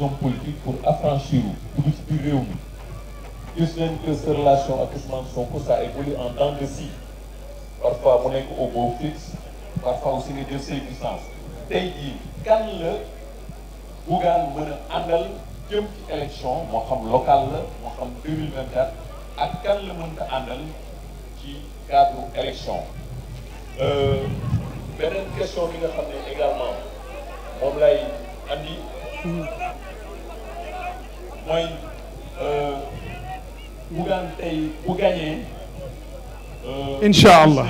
les hommes politiques pour affranchir pour dugg ci biir réew mi gis nañ que sa relation ak Ousmane Sonko ça évolue en temps de parfois mu nekk au beau fixe parfois aussi nga jël say distance tey jii kan la Bougane mën a àndal jëm ci élection moo xam local la moo xam ak kan la mën ko ci cadre élection euh, beneen question bi nga xam ne également moom lay andi mooy euh, Bougane tey bu gagné. Euh, allah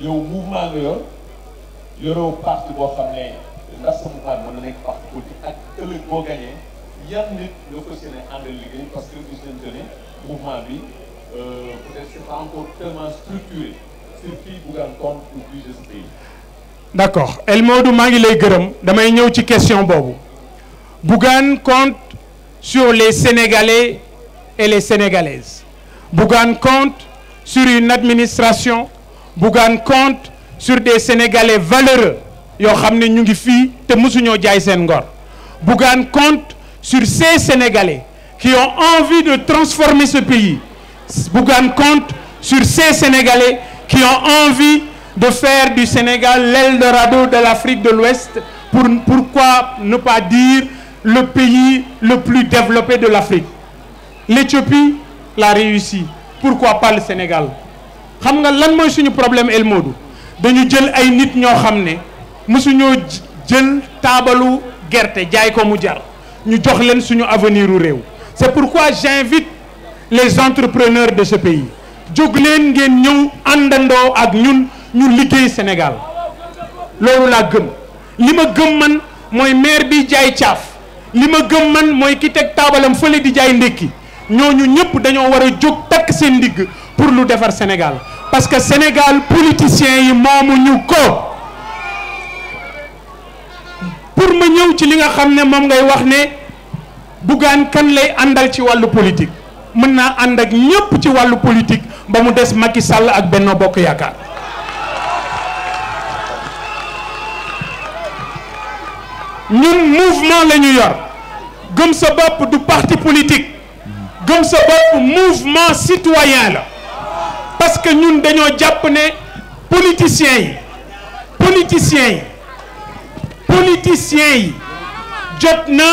yow mouvement nga yor yoroo parti boo xam ne ndax sa mouvement mën boo gagné yan nit nga fas yéene àndal liggéey parce que gis nañu que mouvement bi euh, peut-être c'est pas encore tellement structuré d'accord El maa ngi lay gërëm damay ñëw ci question boobu. Bougane compte sur les Sénégalais et les Sénégalaises. Bougane compte sur une administration. Bougane compte sur des Sénégalais valeureux yoo xam ne ñu ngi fii te mësuñoo jaay seen ngor. Bougane compte sur ces Sénégalais qui ont envie de transformer ce pays. Bougane compte sur ces Sénégalais qui ont envie de faire du Sénégal l'Eldorado de l'Afrique de l'Ouest pour pourquoi ne pas dire le pays le plus développé de l'Afrique l'Éthiopie l'a réussi pourquoi pas le Sénégal xam nga lan mooy suñu problème El Modou dañu jël ay nit ñoo xam ne mësuñoo jël taabalu gerte jaay ko mu jar ñu jox leen suñu avenir u réew c'est pourquoi j'invite les entrepreneurs de ce pays jóg leen ngeen ñëw àndandoo ak ñun ñu liggéey Sénégal loolu laa gëm li ma gëm man mooy maire bi jaay caaf li ma gëm man mooy ki teg taabalam fële di jaay ndékki ñooñu ñëpp dañoo war a jóg takk seen ndigg pour lu defar Sénégal parce que Sénégal politiciens yi ñu ko pour ma ñëw ci li nga xam ne moom ngay wax ne Bougane kan lay àndal ci wàllu politique mën naa àndak ak ñëpp ci wàllu politique ba mu des Macky Sall ak Benno Bokk Yaakaar ñun mouvement la ñu yor gëm sa bopp du parti politique gëm sa bopp mouvement citoyen la parce que ñun dañoo jàpp ne politiciens yi politiciens yi politiciens yi jot na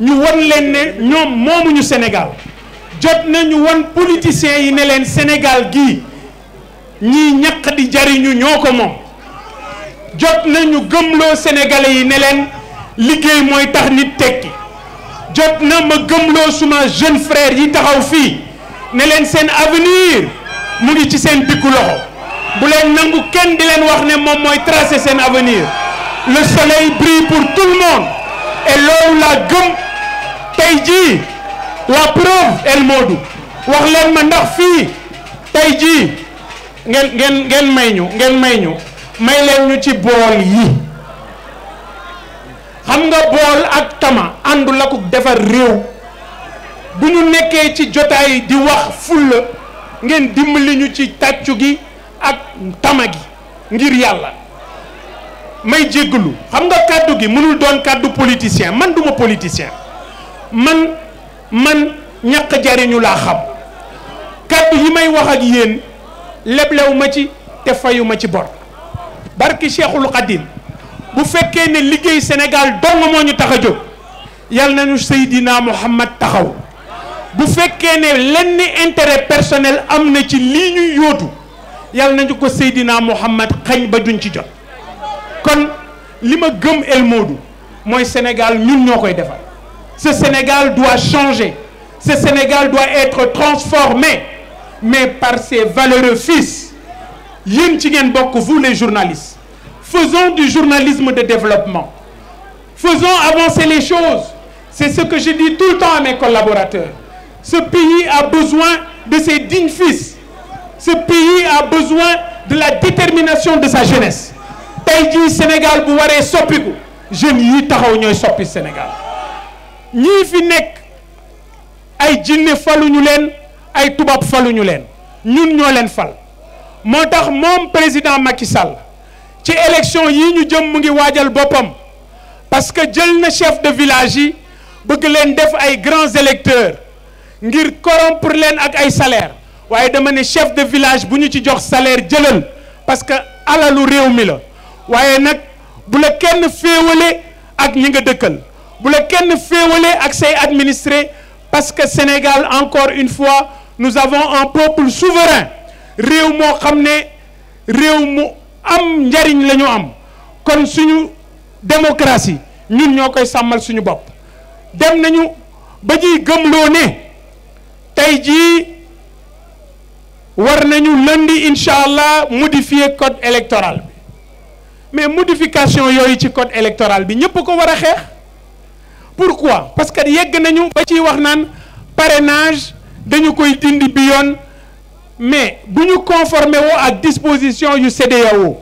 ñu won leen ne ñoom moomuñu Sénégal jot na ñu won politiciens yi ne leen Sénégal gii ñiy ñaq di jariñu ñoo ko moom jot nañu gëmloo sénégalais yi ne leen liggéey mooy tax nit tekki jot na ma gëmloo suma jeune frère yi taxaw fii ne leen seen avenir mu ngi ci seen diggu loxo bu leen nangu kenn di leen wax ne moom mooy tracer seen avenir le soleil brille pour tout le monde et loolu laa gëm tey jii la preuve El Modou wax ma ndax fii tey jii ngeen ngeen ngeen may ñu ngeen may ñu may leen ñu ci bool yi xam nga bool ak tama àndul ak defar réew bu ñu nekkee ci jotaay di wax fulla ngeen dimbali ñu ci tàccu gi ak tama gi ngir yàlla may jéggalu xam nga kàddu gi mënul doon kàddu politicien man duma politicien man man ñàkk jariñu laa xam kàddu yi may wax ak yéen leblew ma ci te fayu ma ci bor barki Cheikhul Khadim bu fekkee ne liggéey Sénégal dong moo ñu tax a jóg yal nañu Seydina Muhammad taxaw bu fekkee ne lenn intérêt personnel am na ci lii ñuy yóotu yal nañu ko Seydina Muhammad xañ ba duñ ci jot kon li ma gëm El mooy Sénégal ñun ñoo koy defar ce Sénégal doit changer ce Sénégal doit être transformé mais par ses valeureux fils yéen ci ngeen bokk vous les journalistes faisons du journalisme de développement faisons avancer les choses c'est ce que je dis tout le temps à mes collaborateurs ce pays a besoin de ses dignes fils ce pays a besoin de la détermination de sa jeunesse tey jii Sénégal bu waree soppiku jeunes yi taxaw ñooy soppi Sénégal ñii fi nekk ay jinne faluñu leen ay falu faluñu leen ñun ñoo leen fal moo tax moom président Macky Sall ci élection yi ñu jëm mu ngi waajal boppam parce que jël na chef de village yi bëgg leen def ay grands électeurs ngir corompre leen ak ay salaire waaye dama ne chef de village bu ñu ci jox salaire jëlal parce que alalu réew mi la waaye nag bu la kenn féewale ak ñi nga dëkkal bu la kenn féewale ak say administré parce que Sénégal encore une fois nous avons un peuple souverain réew moo xam ne réew mu am njariñ la am kon suñu démocratie ñun ñoo koy sàmmal suñu bopp dem nañu ba ñuy gëmloo ne tey ji war nañu lundi incha allah modifier code électoral bi mais modification yooyu ci code électoral bi ñëpp ko war a xeex pourquoi parce que yegg nañu ba ciy wax naan parenage dañu koy dindi bi yoon mais bu ñu conformé woo ak disposition yu CEDEAO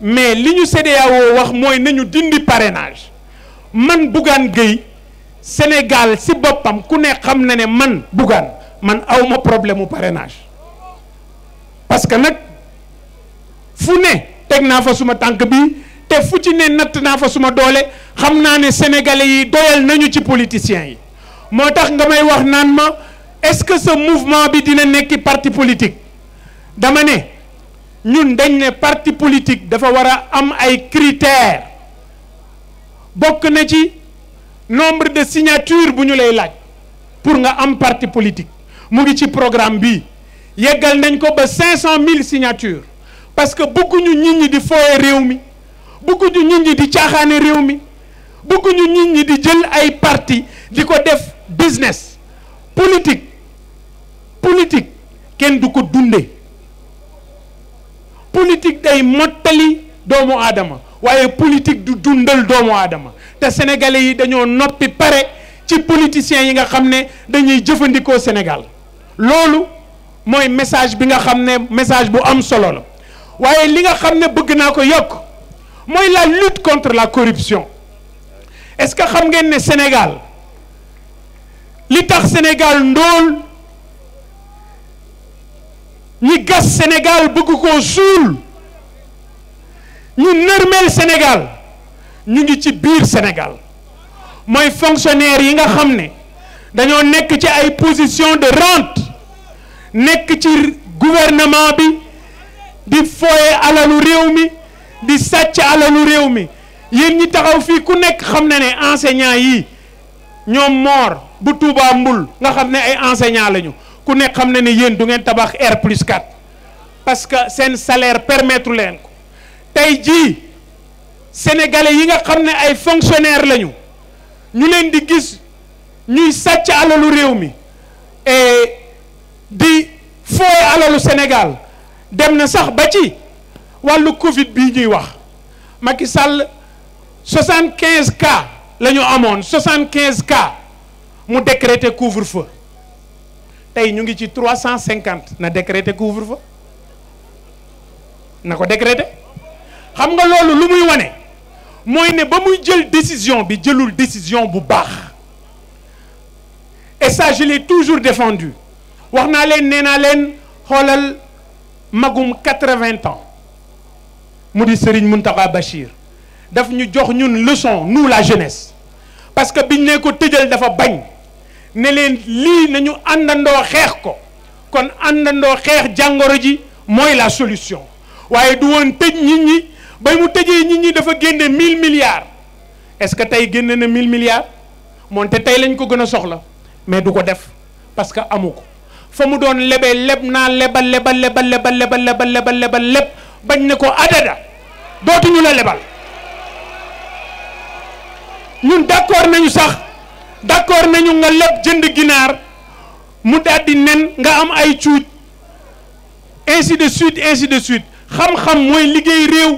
mais li ñu CEDEAO wax mooy nañu dindi parrainage man Bougane Gueye Sénégal si boppam ku ne xam na ne man Bougane man awma problème mu parrainage parce que nag fu ne teg naa fa suma tànk bi te fu ci ne natt naa fa suma doole xam naa ne sénégalais yi doyal nañu ci politiciens yi moo tax nga may wax naan ma est-ce que ce mouvement bi dina nekki parti politique dama ne ñun dañ ne parti politique dafa war a am ay critères bokk na ci nombre de signature bu ñu lay laaj pour nga am parti politique mu ngi ci programme bi yeggal nañ ko ba cinq cent mille signature parce que bëgguñu nit ñi di fooye réew mi bëgguñu nit ñi di caaxaane réew mi bëgguñu nit ñi di jël ay parti di ko def business politique politique kenn du ko dunde politique day mottali doomu aadama waaye politique du dundal doomu aadama te sénégalais yi dañoo noppi pare ci politiciens yi nga xam ne dañuy jëfandikoo Sénégal loolu mooy message bi nga xam ne message bu am solo la waaye li nga xam ne bëgg naa ko yokk mooy la lutte contre la corruption est-ce que xam ngeen ne Sénégal li tax Sénégal ndóol ñi gas Sénégal bëgg koo suul ñu nërmeel Sénégal ñu ngi ci biir Sénégal mooy fonctionnaire yi nga xam ne dañoo nekk ci ay position de rente nekk ci gouvernement bi di fooye alalu réew mi di sàcc alalu réew mi yéen ñi taxaw fii ku nekk xam ne ne enseignant yi ñoom moor bu Touba Mbul nga xam ne ay enseignant lañu ku nekk xam na ne yéen du ngeen tabax R plus 4 parce que seen salaire permettre leen ko tey jii sénégalais yi nga xam ne ay fonctionnaires lañu ñu leen di gis ñuy sàcc alalu réew mi et di fooye alalu Sénégal dem na sax ba ci wàllu Covid bi ñuy wax Macky Sall 75 cas la ñu amoon 75 cas mu décrété couvre-feu. tey ñu ngi ci trois cent cinquante na décrété couvre-feu na ko décrété xam nga loolu lu muy wane mooy ne ba muy jël décision bi jëlul décision bu baax et ça je l'ai toujours défendu wax naa leen nee naa leen xoolal magum quatre-vingts ans mu di Serigne Mountakha Bachir daf ñu jox ñun leçon nous la jeunesse parce que biñ ne ko tëjal dafa bañ ne leen lii nañu àndandoo xeex ko kon àndandoo xeex jàngoro ji mooy la solution waaye du woon tëj nit ñi bay mu tëjee nit ñi dafa génne 1000 milliards est-ce que tey génne na 1000 milliards moonte tey lañ ko gën a soxla mais du ko def parce que amu ko fa mu doon lebee leb naa lebal lebal lebal lebal lebal lebal lebal lebal leb bañ ne ko adada dootuñu la lebal ñun d'accord nañu sax. d'accord nañu nga leb jënd ginaar mu daldi nen nga am ay cuuj ainsi de suite ainsi de suite xam-xam mooy liggéey réew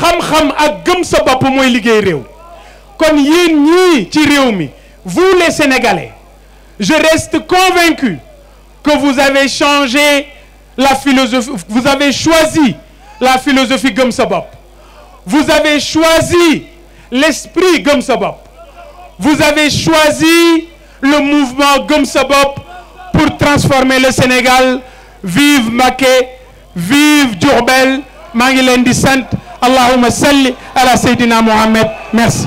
xam-xam ak gëm sa bopp mooy liggéey réew kon yéen ñii ci réew mi vous les Sénégalais je reste convaincu que vous avez changé la philosophie vous avez choisi la philosophie gëm sa bopp vous avez choisi l'esprit gëm sa bopp vous avez choisi le mouvement Gëm sa pour transformer le Sénégal vive Mbacké vive Diourbel maa ngi leen di sant allahumma salli ala seydina Mohamed merci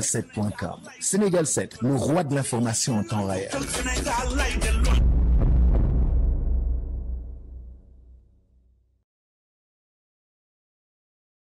sénégal7.com le roi de l'information en temps